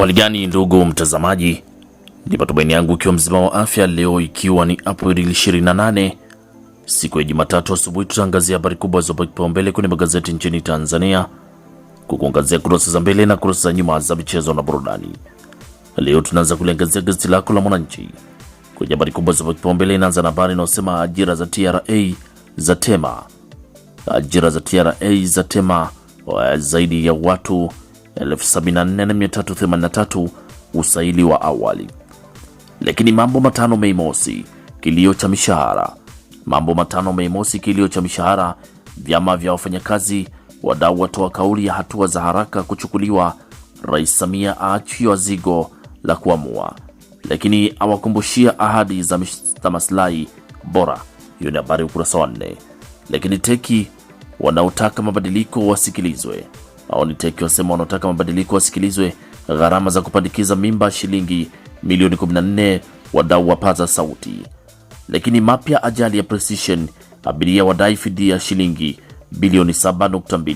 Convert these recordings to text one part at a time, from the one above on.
Waligani ndugu mtazamaji, ni matumaini yangu ikiwa mzima wa afya. Leo ikiwa ni Aprili 28 siku ya Jumatatu asubuhi, tutaangazia habari kubwa zopa kipaumbele kwenye magazeti nchini Tanzania, kukuangazia kurasa za mbele na kurasa za nyuma za michezo na burudani. Leo tunaanza kuliangazia gazeti lako la Mwananchi kwenye habari kubwa zopa kipaumbele. Inaanza na habari inayosema ajira za TRA za tema, ajira za TRA za tema eh, zaidi ya watu 74383 usaili wa awali. Lakini mambo matano Mei Mosi, kilio cha mishahara. Mambo matano Mei Mosi, kilio cha mishahara. Vyama vya wafanyakazi wadau watoa kauli ya hatua za haraka kuchukuliwa. Rais Samia aachiwa zigo la kuamua, lakini awakumbushia ahadi za maslahi bora. Hiyo ni habari ukurasa wa nne. Lakini teki wanaotaka mabadiliko wasikilizwe teki wasema wanaotaka mabadiliko wasikilizwe. Gharama za kupandikiza mimba shilingi milioni 14, wadau wapaza sauti. Lakini mapya ajali ya Precision, abiria wadai fidia shilingi bilioni 7.2.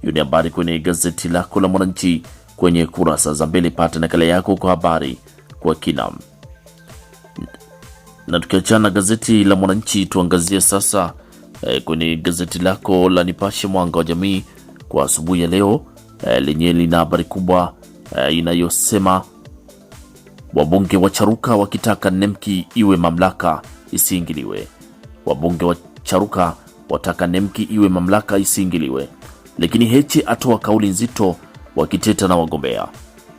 Hiyo ni habari kwenye gazeti lako la Mwananchi kwenye kurasa za mbele. Pata nakala yako kwa habari kwa kina. Na tukiachana gazeti la Mwananchi, tuangazie sasa eh, kwenye gazeti lako la Nipashe Mwanga wa Jamii kwa asubuhi ya leo e, eh, lenyewe lina habari kubwa e, inayosema wabunge wacharuka wakitaka Nemki iwe mamlaka isiingiliwe. Wabunge wacharuka wataka Nemki iwe mamlaka isiingiliwe, lakini Heche atoa kauli nzito wakiteta na wagombea.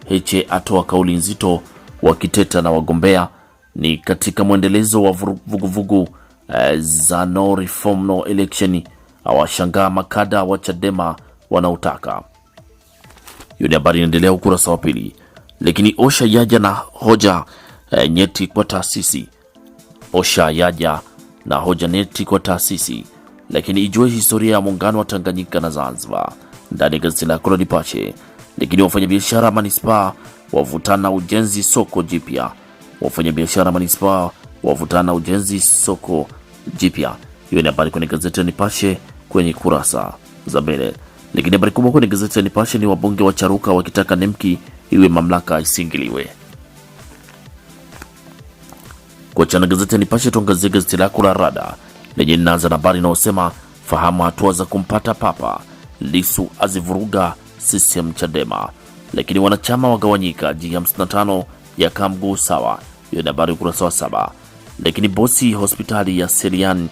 Heche atoa kauli nzito wakiteta na wagombea ni katika mwendelezo wa vuguvugu eh, za no reform no election. Awashangaa makada wa Chadema wanaotaka. Hiyo ni habari inaendelea ukurasa wa pili. Lakini Osha yaja na hoja e, nyeti kwa taasisi. Osha yaja na hoja nyeti kwa taasisi, lakini ijue historia ya muungano wa Tanganyika na Zanzibar ndani ya gazeti lako la Nipashe. Lakini wafanyabiashara manispaa wavutana ujenzi soko jipya, wafanyabiashara manispaa wavutana ujenzi soko jipya. Hiyo ni habari kwenye gazeti la Nipashe kwenye kurasa za mbele. Lakini habari kubwa kwenye gazeti la Nipashe ni wabunge wa charuka wakitaka Nemki iwe mamlaka isiingiliwe. Kuachana gazeti la Nipashe, tuangazie gazeti lako la Rada lenye linaanza na habari inayosema fahamu hatua za kumpata Papa Lisu azivuruga CCM Chadema, lakini wanachama wagawanyika. G55 ya mguu sawa. Hiyo ni habari ukurasa wa saba. Lakini bosi hospitali ya Serian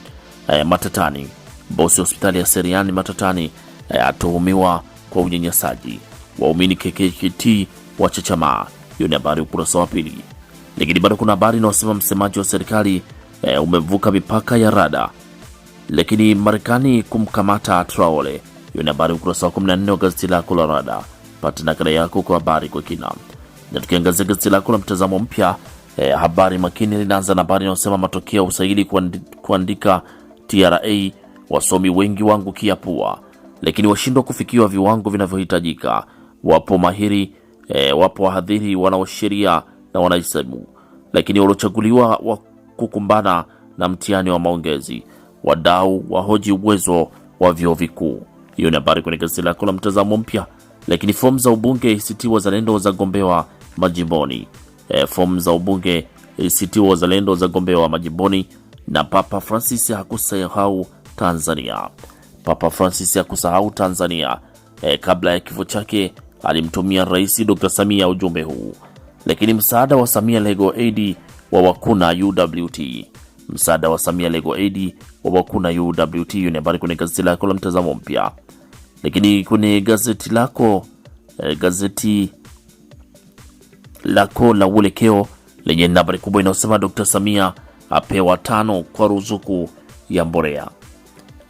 eh, matatani. Bosi hospitali ya Serian matatani atuhumiwa kwa unyanyasaji waumini KKKT wa Chachama. Hiyo ni habari ukurasa wa pili, lakini bado kuna habari inayosema msemaji wa serikali e, eh, umevuka mipaka ya rada, lakini Marekani kumkamata Traore. Hiyo ni habari ukurasa wa 14 wa gazeti lako la Rada. Pata nakala yako kwa habari kwa kina. Na tukiangazia gazeti lako la Mtazamo Mpya, e, habari makini linaanza na habari inayosema matokeo ya usaili kuandika TRA, wasomi wengi wangu kiapua lakini washindwa kufikiwa viwango vinavyohitajika. Wapo mahiri e, wapo wahadhiri wanaosheria na wanahesabu, lakini waliochaguliwa wa kukumbana na mtihani wa maongezi. Wadau wahoji uwezo wa vyuo vikuu. Hiyo ni habari kwenye gazeti lako la Mtazamo Mpya. Lakini fomu za ubunge ACT Wazalendo zagombewa majimboni. E, fomu za ubunge ACT Wazalendo zagombewa majimboni, na Papa Francis hakusahau Tanzania. Papa Francis kusahau Tanzania. E, kabla ya kifo chake alimtumia Rais Dr. Samia ujumbe huu. Lakini msaada wa Samia Lego Aid wa Wakuna UWT, msaada wa Samia lego Aid wa Wakuna UWT ni habari kwenye gazeti lako la Mtazamo Mpya. Lakini kwenye gazeti lako e, gazeti lako la Uelekeo lenye habari kubwa inayosema Dr. Samia apewa tano kwa ruzuku ya mborea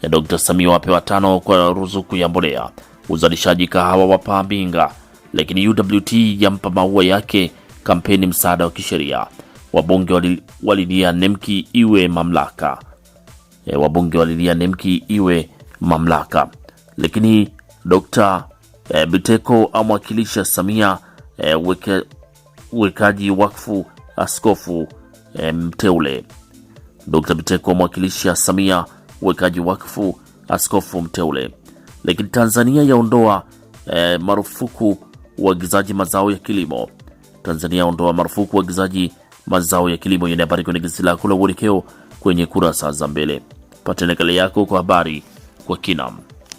ya Dr. Samia wapewa tano kwa ruzuku ya mbolea, uzalishaji kahawa wapa Mbinga, lakini UWT yampa maua yake kampeni msaada wa kisheria, wabunge walilia nemki iwe mamlaka e, wabunge walilia nemki iwe mamlaka, lakini Dr. E, Biteko amwakilisha Samia e, weke, wekaji wakfu askofu e, mteule Dr. Biteko amwakilisha Samia uwekaji wakfu askofu mteule. Lakini Tanzania yaondoa e, marufuku uagizaji mazao ya kilimo. Tanzania yaondoa marufuku uagizaji mazao ya kilimo. Yenye habari kwenye gazeti lako la Uelekeo kwenye kurasa za mbele, pata nakala yako kwa habari kwa kina.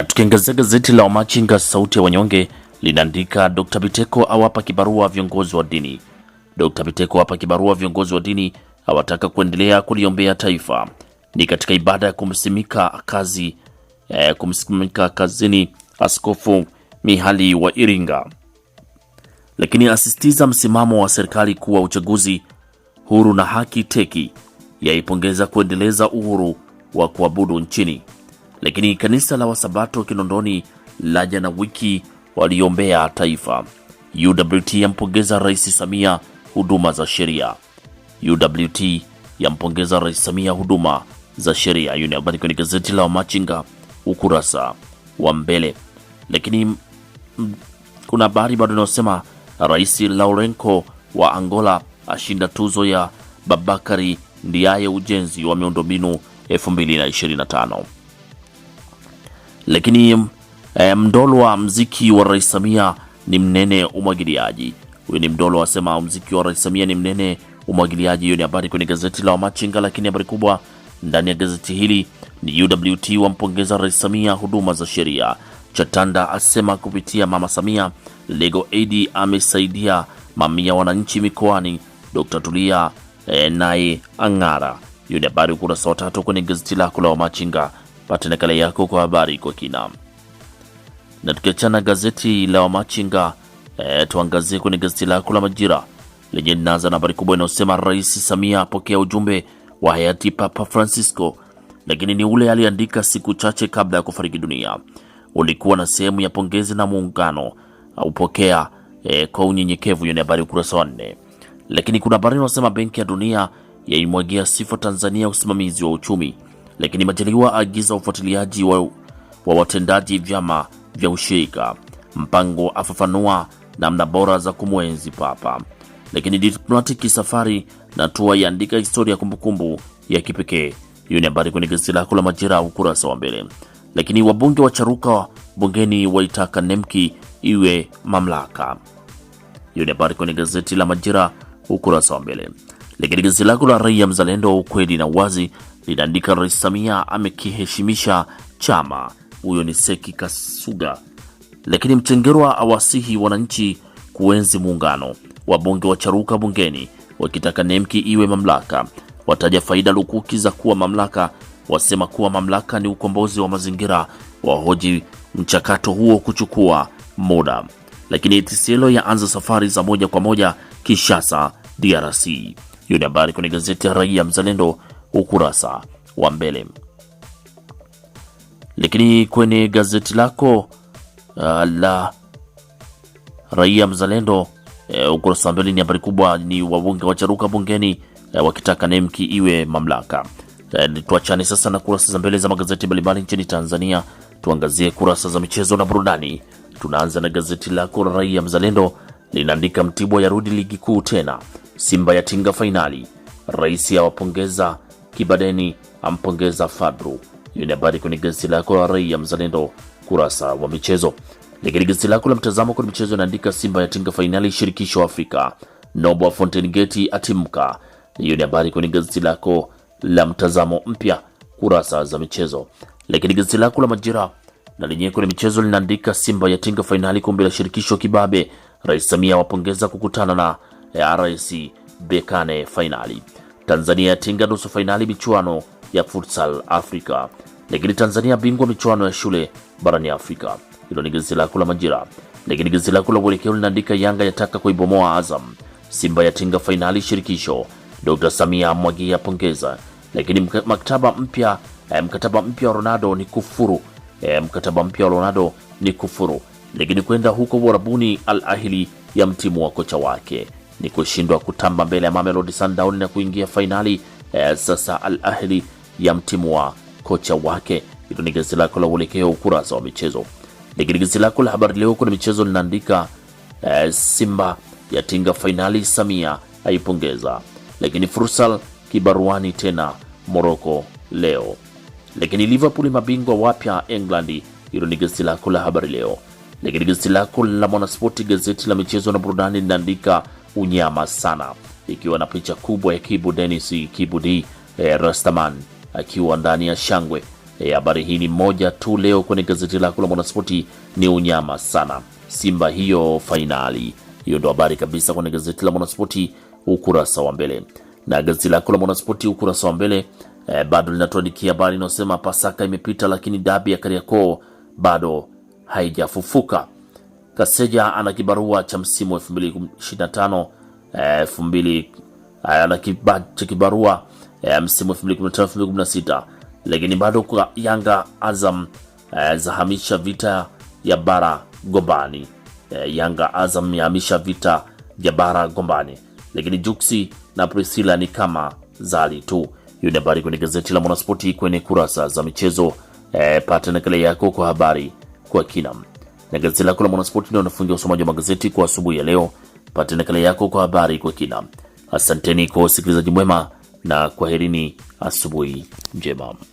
Tukiangazia gazeti la Wamachinga sauti ya wanyonge linaandika Dr. Biteko awapa kibarua viongozi wa dini. Dr. Biteko awapa kibarua viongozi wa dini, awataka kuendelea kuliombea taifa ni katika ibada ya kumsimika kazi eh, kumsimika kazini Askofu Mihali wa Iringa, lakini asisitiza msimamo wa serikali kuwa uchaguzi huru na haki teki, yaipongeza kuendeleza uhuru wa kuabudu nchini. Lakini kanisa la Wasabato Kinondoni la jana wiki waliombea taifa. UWT yampongeza Rais Samia huduma za sheria. UWT yampongeza Rais Samia huduma za sheria. Hiyo ni habari kwenye gazeti la Wamachinga ukurasa wa mbele, lakini mm, kuna habari bado inayosema Rais Laurenco wa Angola ashinda tuzo ya Babakari Ndiaye ujenzi wa miundombinu 2025. Lakini e, mdolo wa mziki wa Rais Samia ni mnene umwagiliaji. Huyu ni mdolo asema mziki wa Rais Samia ni mnene umwagiliaji. Hiyo ni habari kwenye gazeti la Wamachinga, lakini habari kubwa ndani ya gazeti hili ni UWT wampongeza Rais Samia huduma za sheria. Chatanda asema kupitia Mama Samia lego Aid amesaidia mamia wananchi mikoani. Dr. Tulia e, naye ang'ara. Hiyo ni habari ukurasa wa tatu kwenye gazeti lako la Wamachinga. Pata nakala yako kwa habari kwa kina. Na tukiachana gazeti la Wamachinga e, tuangazie kwenye gazeti lako la Majira lenye linaanza na habari kubwa inayosema Rais Samia apokea ujumbe wa hayati Papa Francisco, lakini ni ule aliandika siku chache kabla ya kufariki dunia. Ulikuwa na sehemu ya pongezi na muungano upokea e, eh, kwa unyenyekevu. Hiyo ni habari ukurasa wa nne. Lakini kuna habari inasema Benki ya Dunia yaimwagia sifa Tanzania usimamizi wa uchumi. Lakini Majaliwa aagiza ufuatiliaji wa, wa watendaji vyama vya ushirika. Mpango afafanua namna bora za kumwenzi Papa. Lakini diplomatic safari na tua yaandika historia kumbukumbu ya kipekee. Hiyo ni habari kwenye gazeti lako la Majira ukurasa wa mbele. Lakini wabunge wacharuka bungeni waitaka Nemki iwe mamlaka. Hiyo ni habari kwenye gazeti la Majira ukurasa wa mbele. Lakini gazeti lako la Raia Mzalendo wa ukweli na uwazi linaandika Rais Samia amekiheshimisha chama. Huyo ni Seki Kasuga. Lakini Mchengerwa awasihi wananchi kuenzi muungano, wabunge wacharuka bungeni wakitaka nemki iwe mamlaka, wataja faida lukuki za kuwa mamlaka, wasema kuwa mamlaka ni ukombozi wa mazingira, wahoji mchakato huo kuchukua muda. Lakini TCL yaanza safari za moja kwa moja Kinshasa, DRC. Hiyo ni habari kwenye gazeti ya Raia Mzalendo ukurasa wa mbele. Lakini kwenye gazeti lako uh, la Raia Mzalendo E, ukurasa wa mbeleni habari kubwa ni wabunge wacharuka bungeni e, wakitaka NEMC iwe mamlaka. E, tuachane sasa na kurasa za mbele za magazeti mbalimbali nchini Tanzania, tuangazie kurasa za michezo na burudani. Tunaanza na gazeti lako la Raia Mzalendo linaandika Mtibwa yarudi ligi kuu tena, Simba yatinga fainali, rais awapongeza Kibadeni ampongeza Fadru. Hiyo ni habari kwenye gazeti lako la Raia Mzalendo kurasa wa michezo. Lakini gazeti lako la mtazamo kwa michezo inaandika Simba yatinga fainali shirikisho Afrika, Nobo wa Fountain Gate atimka. Hiyo ni habari kwenye gazeti lako la mtazamo mpya kurasa za michezo. Lakini gazeti lako la Majira na lenyewe kwenye michezo linaandika Simba yatinga fainali kombe la shirikisho kibabe, Rais Samia wapongeza kukutana na RS Bekane fainali. Tanzania yatinga nusu fainali michuano ya futsal Afrika. Lakini Tanzania bingwa michuano ya shule barani Afrika. Hilo ni gazeti lako la Majira. Lakini gazeti lako la Uelekeo linaandika Yanga yataka kuibomoa Azam, Simba yatinga fainali shirikisho, Dr Samia amwagia pongeza. Lakini mkataba mpya eh, mkataba mpya wa Ronaldo ni kufuru e, mkataba mpya wa Ronaldo ni kufuru. Lakini kwenda huko Warabuni, Al Ahili ya mtimu wa kocha wake ni kushindwa kutamba mbele ya Mamelodi Sundowns na kuingia fainali. E, sasa Al Ahili ya mtimu wa kocha wake. Hilo ni gazeti lako la Uelekeo, ukurasa wa michezo. Lakini gazeti lako la Habari Leo kuna michezo linaandika eh, Simba yatinga fainali, Samia aipongeza. Lakini Fursal kibaruani tena Moroko leo. Lakini Liverpool mabingwa wapya England. Hilo ni gazeti lako la Habari Leo. Lakini gazeti lako la Mwanaspoti, gazeti la michezo na burudani, linaandika unyama sana, ikiwa na picha kubwa ya Kibu Denis Kibu D eh, Rastaman akiwa ndani ya shangwe E, habari e, hii ni moja tu leo kwenye gazeti lako la Mwanaspoti. Ni unyama sana Simba hiyo fainali hiyo, ndo habari kabisa kwenye gazeti la Mwanaspoti ukurasa wa mbele, na gazeti lako la Mwanaspoti ukurasa wa mbele e, bado linatuandikia habari inayosema Pasaka imepita lakini dabi ya Kariakoo bado haijafufuka. Kaseja ana kibarua cha msimu 2025 2000 e, ana kibarua e, msimu 2015 2016 lakini bado kwa Yanga Azam eh, zahamisha vita ya bara gombani. eh, Yanga Azam yahamisha vita vya bara gombani, lakini Juksi na Priscilla ni kama zali tu. Hiyo ni habari kwenye gazeti la Mwanaspoti kwenye kurasa za michezo. eh, pata nakala yako kwa habari kwa kina na gazeti lako la Mwanaspoti ndio unafungia usomaji wa magazeti kwa asubuhi ya leo. Pata nakala yako kwa habari kwa kina. Asanteni kwa usikilizaji mwema na kwaherini, asubuhi njema.